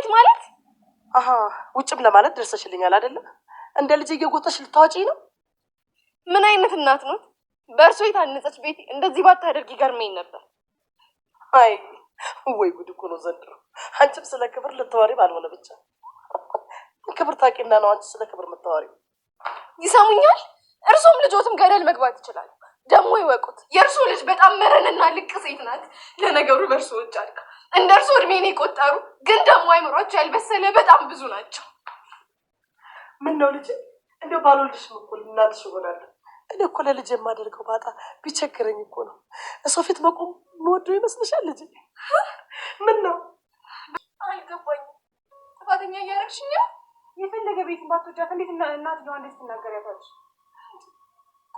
ቤት ማለት አሀ ውጭም ለማለት ደርሰሽልኛል አይደለም? እንደ ልጅ እየጎተሽ ልታዋጪ ነው። ምን አይነት እናት ነው? በእርሶ የታነጸች ቤት እንደዚህ ባታደርግ ይገርመኝ ነበር። አይ ወይ ጉድ እኮ ነው ዘንድሮ። አንቺም ስለ ክብር ልታወሪ ባልሆነ ብቻ ክብር ታውቂና ነው አንቺ ስለ ክብር የምታወሪው። ይሰሙኛል? እርሶም ልጆትም ገደል መግባት ይችላል። ደግሞ ይወቁት፣ የእርሶ ልጅ በጣም መረንና ልቅ ሴት ናት። ለነገሩ በእርሶ እጅ አልቃ እንደ እርሱ እድሜን የቆጠሩ ግን ደግሞ አይምሯቸው ያልበሰለ በጣም ብዙ ናቸው። ምን ነው ልጅ እንደ ባልወልድሽ እኮ እናትሽ እሆናለሁ። እኔ እኮ ለልጅ የማደርገው ባጣ ቢቸግረኝ እኮ ነው። እሰው ፊት መቆም መወደው ይመስልሻል? ልጅ ምን ነው አልገባኝም። ጥፋተኛ እያደረግሽኝ የፈለገ ቤት ባትወጃት እንዴት እናት ለዋ እንዴት ትናገር ያታች?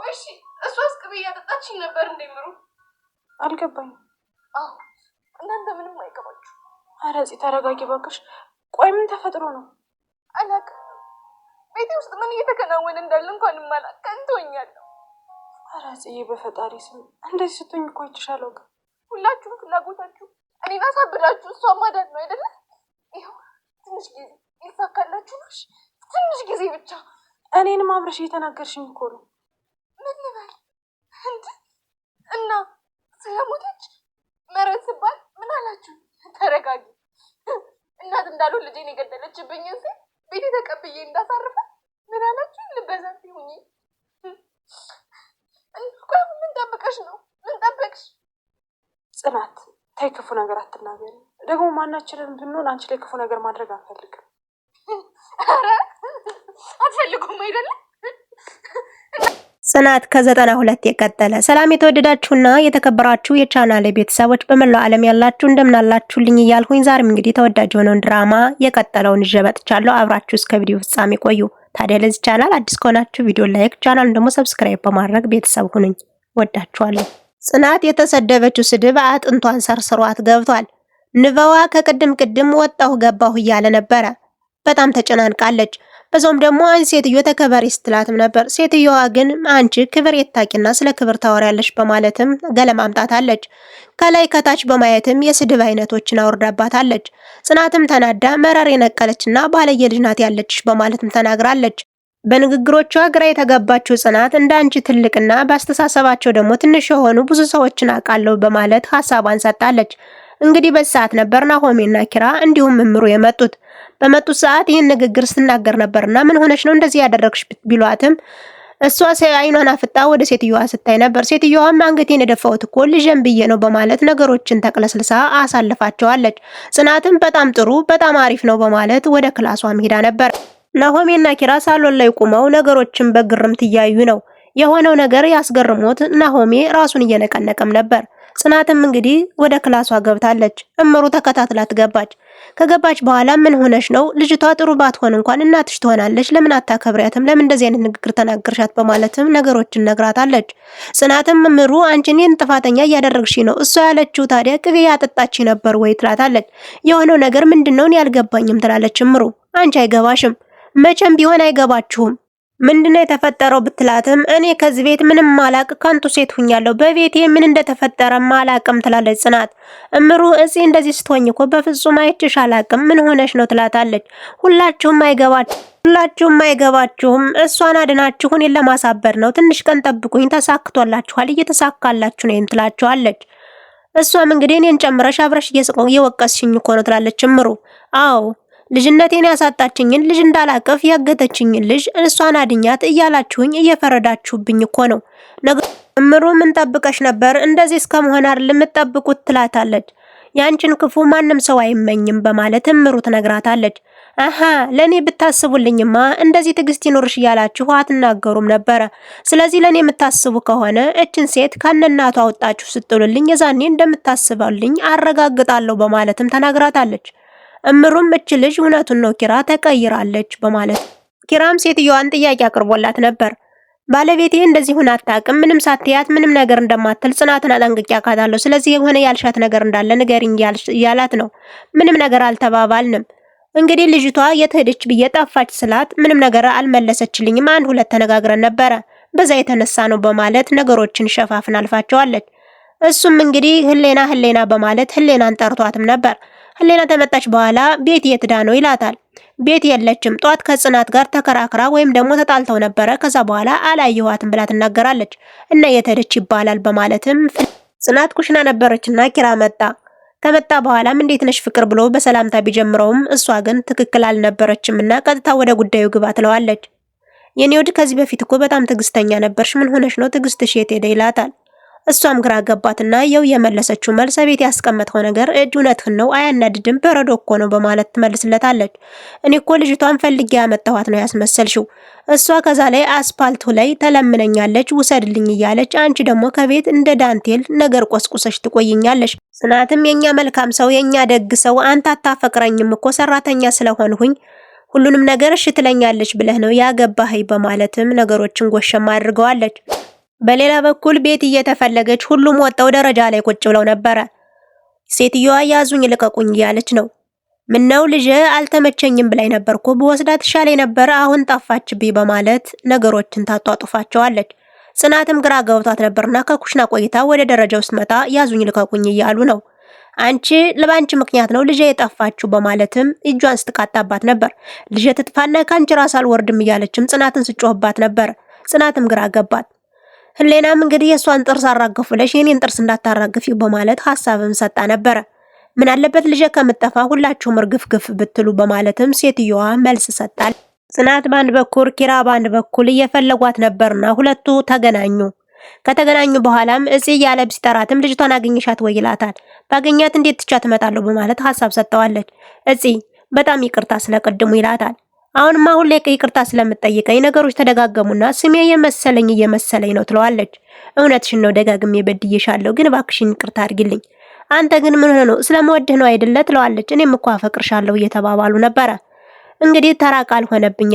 ቆይሺ እሺ፣ አስቅቤ እያጠጣችኝ ነበር እንደምሩ አልገባኝም። አዎ እናንተ ምንም አይገባችሁ። ኧረ እዚህ ተረጋጊ እባክሽ። ቆይ ምን ተፈጥሮ ነው? አላውቅም። ቤቴ ውስጥ ምን እየተከናወነ እንዳለ እንኳን ማላውቅ ከንቶኛለሁ። ኧረ እዚህ በፈጣሪ ስም እንደዚህ ስትሆኝ እኮ ይችሻለው። ግን ሁላችሁም ፍላጎታችሁ እኔን አሳብዳችሁ እሷ ማዳን ነው አይደለ? ይኸው ትንሽ ጊዜ ይሳካላችሁ። ትንሽ ጊዜ ብቻ እኔንም አብረሽ እየተናገርሽኝ እኮ ነው ልጄን የገደለችብኝ እንሴ ቤቴ ተቀብዬ እንዳሳርፈ ምን አላችሁ? ልበዛት ይሁኝ ምን ጠብቀሽ ነው? ምን ጠበቅሽ? ጽናት ታይ፣ ክፉ ነገር አትናገሪ። ደግሞ ማናችንን ብንሆን አንቺ ላይ ክፉ ነገር ማድረግ አንፈልግም። አረ አትፈልጉም አይደለም ጥናት ከዘጠና ሁለት የቀጠለ። ሰላም የተወደዳችሁና የተከበራችሁ የቻናል ቤተሰቦች በመላው ዓለም ያላችሁ እንደምናላችሁልኝ እያልሁኝ ዛሬም እንግዲህ ተወዳጅ የሆነውን ድራማ የቀጠለውን ይዤ መጥቻለሁ። አብራችሁ እስከ ቪዲዮ ፍጻሜ ቆዩ። ታዲያ ለዚህ ቻናል አዲስ ከሆናችሁ ቪዲዮ ላይክ፣ ቻናሉን ደግሞ ሰብስክራይብ በማድረግ ቤተሰብ ሁኑኝ። ወዳችኋለሁ። ጽናት የተሰደበችው ስድብ አጥንቷን ሰርስሯት ገብቷል። ንበዋ ከቅድም ቅድም ወጣሁ ገባሁ እያለ ነበረ። በጣም ተጨናንቃለች። በዛውም ደግሞ አንድ ሴትዮ ተከበሪ ስትላትም ነበር። ሴትዮዋ ግን አንቺ ክብር የታቂና ስለ ክብር ታወሪያለሽ በማለትም ገለማምጣታለች። ከላይ ከታች በማየትም የስድብ አይነቶችን አውርዳባታለች። ጽናትም ተናዳ መረር የነቀለችና ባለየ ልጅ ናት ያለችሽ በማለትም ተናግራለች። በንግግሮቿ ግራ የተገባችው ጽናት እንደ አንቺ ትልቅና በአስተሳሰባቸው ደግሞ ትንሽ የሆኑ ብዙ ሰዎችን አውቃለሁ በማለት ሀሳቧን ሰጣለች። እንግዲህ በዚህ ሰዓት ነበር ናሆሜና ኪራ እንዲሁም እምሩ የመጡት። በመጡት ሰዓት ይህን ንግግር ስትናገር ነበርና ምን ሆነች ነው እንደዚህ ያደረግሽ ቢሏትም እሷ አይኗን አፍጣ ወደ ሴትዮዋ ስታይ ነበር። ሴትዮዋም አንገቴን የደፋሁት እኮ ልጄን ብዬ ነው በማለት ነገሮችን ተቅለስልሳ አሳልፋቸዋለች። ጽናትም በጣም ጥሩ በጣም አሪፍ ነው በማለት ወደ ክላሷም ሄዳ ነበር። ናሆሜና ኪራ ሳሎን ላይ ቁመው ነገሮችን በግርምት እያዩ ነው። የሆነው ነገር ያስገርሞት ናሆሜ ራሱን እየነቀነቀም ነበር። ጽናትም እንግዲህ ወደ ክላሷ ገብታለች። እምሩ ተከታትላት ገባች። ከገባች በኋላ ምን ሆነሽ ነው? ልጅቷ ጥሩ ባትሆን እንኳን እናትሽ ትሆናለች። ለምን አታከብሪያትም? ለምን እንደዚህ አይነት ንግግር ተናገርሻት? በማለትም ነገሮችን ነግራታለች። ጽናትም እምሩ አንቺ እኔን ጥፋተኛ እያደረግሽ ነው። እሷ ያለችው ታዲያ ቅቤ ያጠጣች ነበር ወይ ትላታለች። የሆነው ነገር ምንድነው? እኔ አልገባኝም ትላለች እምሩ። አንቺ አይገባሽም መቼም ቢሆን አይገባችሁም ምንድነው የተፈጠረው ብትላትም እኔ ከዚህ ቤት ምንም ማላቅ ከንቱ ሴት ሁኛለሁ፣ በቤቴ ምን እንደተፈጠረ ማላቅም ትላለች ጽናት። እምሩ እዚህ እንደዚህ ስትሆኝ እኮ በፍጹም አይችሽ አላቅም፣ ምን ሆነሽ ነው ትላታለች። ሁላችሁም አይገባች ሁላችሁም አይገባችሁም። እሷን አድናችሁ እኔን ለማሳበር ነው። ትንሽ ቀን ጠብቁኝ፣ ተሳክቶላችኋል፣ እየተሳካላችሁ ነው ትላችኋለች። እሷም እንግዲህ እኔን ጨምረሽ አብረሽ እየወቀስሽኝ እኮ ነው ትላለች እምሩ። አዎ ልጅነቴን ያሳጣችኝን ልጅ እንዳላቀፍ ያገተችኝን ልጅ እሷን አድኛት እያላችሁኝ እየፈረዳችሁብኝ እኮ ነው። እምሩ ምን ጠብቀሽ ነበር እንደዚህ እስከ መሆን ልምጠብቁት ትላታለች። ያንቺን ክፉ ማንም ሰው አይመኝም በማለት እምሩ ትነግራታለች። አሃ ለኔ ብታስቡልኝማ እንደዚህ ትዕግስት ይኖርሽ እያላችሁ አትናገሩም ነበረ። ስለዚህ ለኔ የምታስቡ ከሆነ እችን ሴት ከነናቷ አወጣችሁ ስጥሉልኝ የዛኔ እንደምታስባልኝ አረጋግጣለሁ በማለትም ተናግራታለች። እምሩም እች ልጅ እውነቱን ነው ኪራ ተቀይራለች በማለት ኪራም ሴትዮዋን ጥያቄ አቅርቦላት ነበር። ባለቤቴ እንደዚህ ሁን አታውቅም። ምንም ሳትያት ምንም ነገር እንደማትል ጽናትን አጠንቅቄ አውቃታለሁ። ስለዚህ የሆነ ያልሻት ነገር እንዳለ ንገሪኝ ያላት ነው። ምንም ነገር አልተባባልንም። እንግዲህ ልጅቷ የት ሄደች ብዬ ጠፋች ስላት ምንም ነገር አልመለሰችልኝም። አንድ ሁለት ተነጋግረን ነበረ፣ በዛ የተነሳ ነው በማለት ነገሮችን ሸፋፍን አልፋቸዋለች። እሱም እንግዲህ ህሌና ህሌና በማለት ህሌናን ጠርቷትም ነበር። ህሌና ከመጣች በኋላ ቤት የትዳ ነው ይላታል። ቤት የለችም፣ ጧት ከጽናት ጋር ተከራክራ ወይም ደግሞ ተጣልተው ነበረ፣ ከዛ በኋላ አላየኋትም ብላ ትናገራለች። እና የተደች ይባላል በማለትም ጽናት ኩሽና ነበረችና ኪራ መጣ። ከመጣ በኋላም እንዴት ነሽ ፍቅር ብሎ በሰላምታ ቢጀምረውም እሷ ግን ትክክል አልነበረችም እና ቀጥታ ወደ ጉዳዩ ግባ ትለዋለች። የኔ ወድ ከዚህ በፊት እኮ በጣም ትዕግስተኛ ነበርሽ፣ ምን ሆነሽ ነው ትዕግስትሽ የት ሄደ ይላታል። እሷም ግራ ገባትና የው የመለሰችው መልስ ቤት ያስቀመጥከው ነገር እጅ እውነትህን ነው አያናድድም፣ በረዶ እኮ ነው በማለት ትመልስለታለች። እኔ እኮ ልጅቷን ፈልጌ ያመጣኋት ነው ያስመሰልሽው። እሷ ከዛ ላይ አስፓልቱ ላይ ተለምነኛለች ውሰድልኝ እያለች፣ አንቺ ደግሞ ከቤት እንደ ዳንቴል ነገር ቆስቁሰሽ ትቆይኛለሽ። ጽናትም የኛ መልካም ሰው የኛ ደግ ሰው አንተ አታፈቅረኝም እኮ ሰራተኛ ስለሆንሁኝ ሁሉንም ነገር እሽ ትለኛለች ብለህ ነው ያገባህ በማለትም ነገሮችን ጎሸማ አድርገዋለች። በሌላ በኩል ቤት እየተፈለገች ሁሉም ወጣው ደረጃ ላይ ቁጭ ብለው ነበረ። ሴትዮዋ ያዙኝ ልቀቁኝ እያለች ነው። ምነው ልጅ አልተመቸኝም ብላይ ነበርኩ በወስዳት ሻላይ ነበር አሁን ጠፋችብኝ በማለት ነገሮችን ታጧጡፋቸዋለች። ጽናትም ግራ ገብቷት ነበርና ከኩሽና ቆይታ ወደ ደረጃው ስትመጣ ያዙኝ ልቀቁኝ እያሉ ነው። አንቺ ለባንቺ ምክንያት ነው ልጄ የጠፋችሁ በማለትም እጇን ስትቃጣባት ነበር። ልጄ ትጥፋና ከአንቺ ራስ አልወርድም እያለችም ጽናትን ስጮህባት ነበር። ጽናትም ግራ ገባት። ህሌናም እንግዲህ የእሷን ጥርስ አራግፍ ብለሽ የኔን ጥርስ እንዳታራግፊው በማለት ሀሳብም ሰጣ ነበረ። ምን አለበት ልጄ ከምጠፋ ሁላችሁም እርግፍግፍ ብትሉ በማለትም ሴትየዋ መልስ ሰጣል። ጽናት በአንድ በኩል ኪራ በአንድ በኩል እየፈለጓት ነበርና ሁለቱ ተገናኙ። ከተገናኙ በኋላም እጽ እያለ ሲጠራትም ልጅቷን አገኘሻት ወይ ይላታል። ባገኛት እንዴት ትቻ ትመጣለሁ በማለት ሀሳብ ሰጠዋለች። እጽ በጣም ይቅርታ ስለቅድሙ ይላታል። አሁንማ ላይ ይቅርታ ስለምጠይቀኝ ነገሮች ተደጋገሙና ስሜ የመሰለኝ እየመሰለኝ ነው ትለዋለች። እውነትሽን ነው ደጋግሜ በድዬሻለሁ፣ ግን እባክሽን ይቅርታ አድርግልኝ አንተ ግን ምን ሆነ ነው ስለምወድህ ነው አይደለ ትለዋለች። እኔም እኮ አፈቅርሻለሁ እየተባባሉ ነበረ። እንግዲህ ተራ ቃል ሆነብኛ።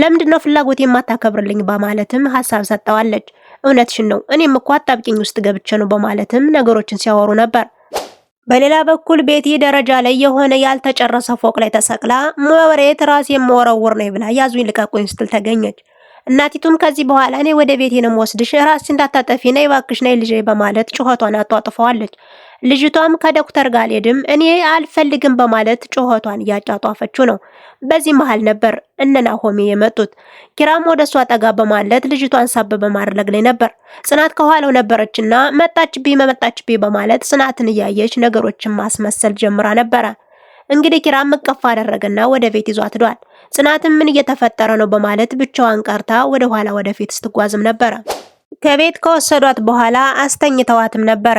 ለምንድን ነው ፍላጎት የማታከብርልኝ? በማለትም ሀሳብ ሰጠዋለች። እውነትሽን ነው እኔም እኮ አጣብቂኝ ውስጥ ገብቼ ነው በማለትም ነገሮችን ሲያወሩ ነበር። በሌላ በኩል ቤቲ ደረጃ ላይ የሆነ ያልተጨረሰ ፎቅ ላይ ተሰቅላ መሬት ራስ የምወረውር ነው ብላ ያዙኝ ልቀቁኝ ስትል ተገኘች። እናቲቱም ከዚህ በኋላ እኔ ወደ ቤቴ ነው የምወስድሽ፣ ራስሽ እንዳታጠፊ ነይ እባክሽ ነይ ልጄ በማለት ጩኸቷን አጧጥፈዋለች። ልጅቷም ከዶክተር ጋሌድም እኔ አልፈልግም በማለት ጩኸቷን እያጫጧፈችው ነው። በዚህ መሀል ነበር እነ ናሆሜ የመጡት። ኪራም ወደ እሷ ጠጋ በማለት ልጅቷን ሳብ በማድረግ ላይ ነበር። ጽናት ከኋላው ነበረችና መጣችብኝ መመጣችብኝ በማለት ጽናትን እያየች ነገሮችን ማስመሰል ጀምራ ነበረ። እንግዲህ ኪራም እቅፍ አደረገና ወደ ቤት ይዟት ሄዷል። ጽናትም ምን እየተፈጠረ ነው በማለት ብቻዋን ቀርታ ወደ ኋላ ወደፊት ስትጓዝም ነበረ። ከቤት ከወሰዷት በኋላ አስተኝተዋትም ነበረ።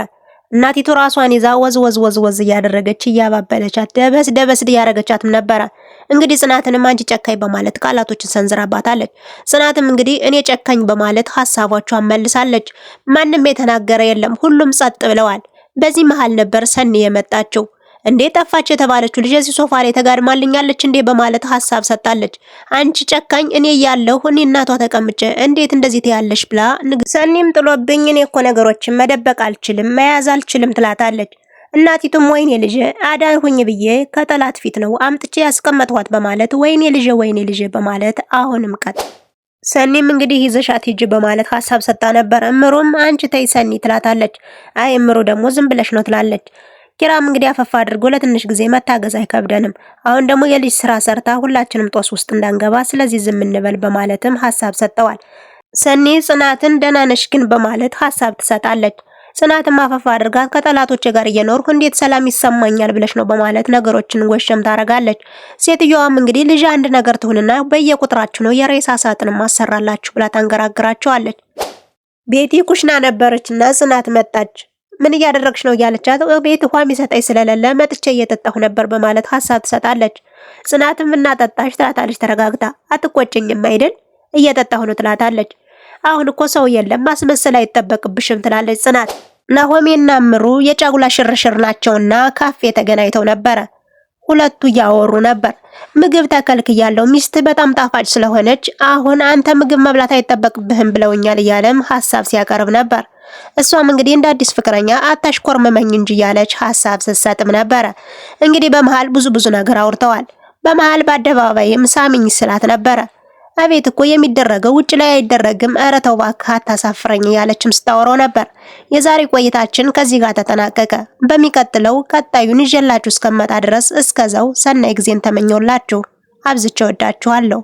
እናቲቱ ራሷን ይዛ ወዝ ወዝ ወዝ ወዝ እያደረገች እያባበለቻት ደበስ ደበስ እያደረገቻትም ነበረ። እንግዲህ ጽናትንም አንቺ ጨካኝ በማለት ቃላቶችን ሰንዝራባታለች። ጽናትም እንግዲህ እኔ ጨካኝ በማለት ሀሳባቿን መልሳለች። ማንም የተናገረ የለም፣ ሁሉም ጸጥ ብለዋል። በዚህ መሃል ነበር ሰኒ የመጣችው። እንዴ ጠፋች የተባለችው ልጅ እዚህ ሶፋ ላይ ተጋድማልኛለች እንዴ በማለት ሀሳብ ሰጣለች። አንቺ ጨካኝ፣ እኔ ያለሁ እኔ እናቷ ተቀምጬ እንዴት እንደዚህ ትያለሽ ብላ ሰኒም ጥሎብኝ እኔ እኮ ነገሮችን መደበቅ አልችልም መያዝ አልችልም ትላታለች። እናቲቱም ወይኔ ልጄ አዳንሁኝ ብዬ ከጠላት ፊት ነው አምጥቼ ያስቀመጥኋት በማለት ወይኔ ልጄ ወይኔ ልጅ በማለት አሁንም ቀጥ ሰኒም እንግዲህ ይዘሻት ሂጂ በማለት ሀሳብ ሰጣ ነበር። እምሩም አንቺ ተይ ሰኒ ትላታለች። አይ እምሩ ደግሞ ዝም ብለሽ ነው ትላለች። ኪራም እንግዲህ አፈፋ አድርጎ ለትንሽ ጊዜ መታገዝ አይከብደንም። አሁን ደግሞ የልጅ ስራ ሰርታ ሁላችንም ጦስ ውስጥ እንዳንገባ ስለዚህ ዝም እንበል በማለትም ሀሳብ ሰጠዋል። ሰኒ ጽናትን ደህና ነሽ ግን በማለት ሀሳብ ትሰጣለች። ጽናትም አፈፋ አድርጋ ከጠላቶች ጋር እየኖርኩ እንዴት ሰላም ይሰማኛል ብለሽ ነው በማለት ነገሮችን ወሸም ታረጋለች። ሴትዮዋም እንግዲህ ልጅ አንድ ነገር ትሁንና በየቁጥራችሁ ነው የሬሳ ሳጥን ማሰራላችሁ ብላ ታንገራግራቸዋለች። ቤቲ ኩሽና ነበረችና ጽናት መጣች። ምን እያደረግሽ ነው እያለቻት ቤት ውሃ የሚሰጠኝ ስለሌለ መጥቼ እየጠጣሁ ነበር በማለት ሀሳብ ትሰጣለች። ጽናትም እናጠጣሽ ትላታለች ተረጋግታ። አትቆጭኝም አይደል? እየጠጣሁ ነው ትላታለች። አሁን እኮ ሰው የለም ማስመሰል አይጠበቅብሽም ትላለች ጽናት። ናሆሜና ምሩ የጫጉላ ሽርሽር ናቸውና ካፌ ተገናኝተው ነበረ። ሁለቱ እያወሩ ነበር። ምግብ ተከልክያለሁ፣ ሚስት በጣም ጣፋጭ ስለሆነች አሁን አንተ ምግብ መብላት አይጠበቅብህም ብለውኛል እያለም ሀሳብ ሲያቀርብ ነበር። እሷም እንግዲህ እንደ አዲስ ፍቅረኛ አታሽኮርመመኝ እንጂ እያለች ሀሳብ ስትሰጥም ነበረ። እንግዲህ በመሃል ብዙ ብዙ ነገር አውርተዋል። በመሃል በአደባባይም ሳሚኝ ስላት ነበረ። አቤት እኮ የሚደረገው ውጭ ላይ አይደረግም፣ ኧረ ተው እባክህ አታሳፍረኝ እያለችም ስታወራው ነበር። የዛሬ ቆይታችን ከዚህ ጋር ተጠናቀቀ። በሚቀጥለው ቀጣዩን ይዤላችሁ እስከመጣ ድረስ እስከዛው ሰናይ ጊዜን ተመኘውላችሁ። አብዝቼ ወዳችኋለሁ።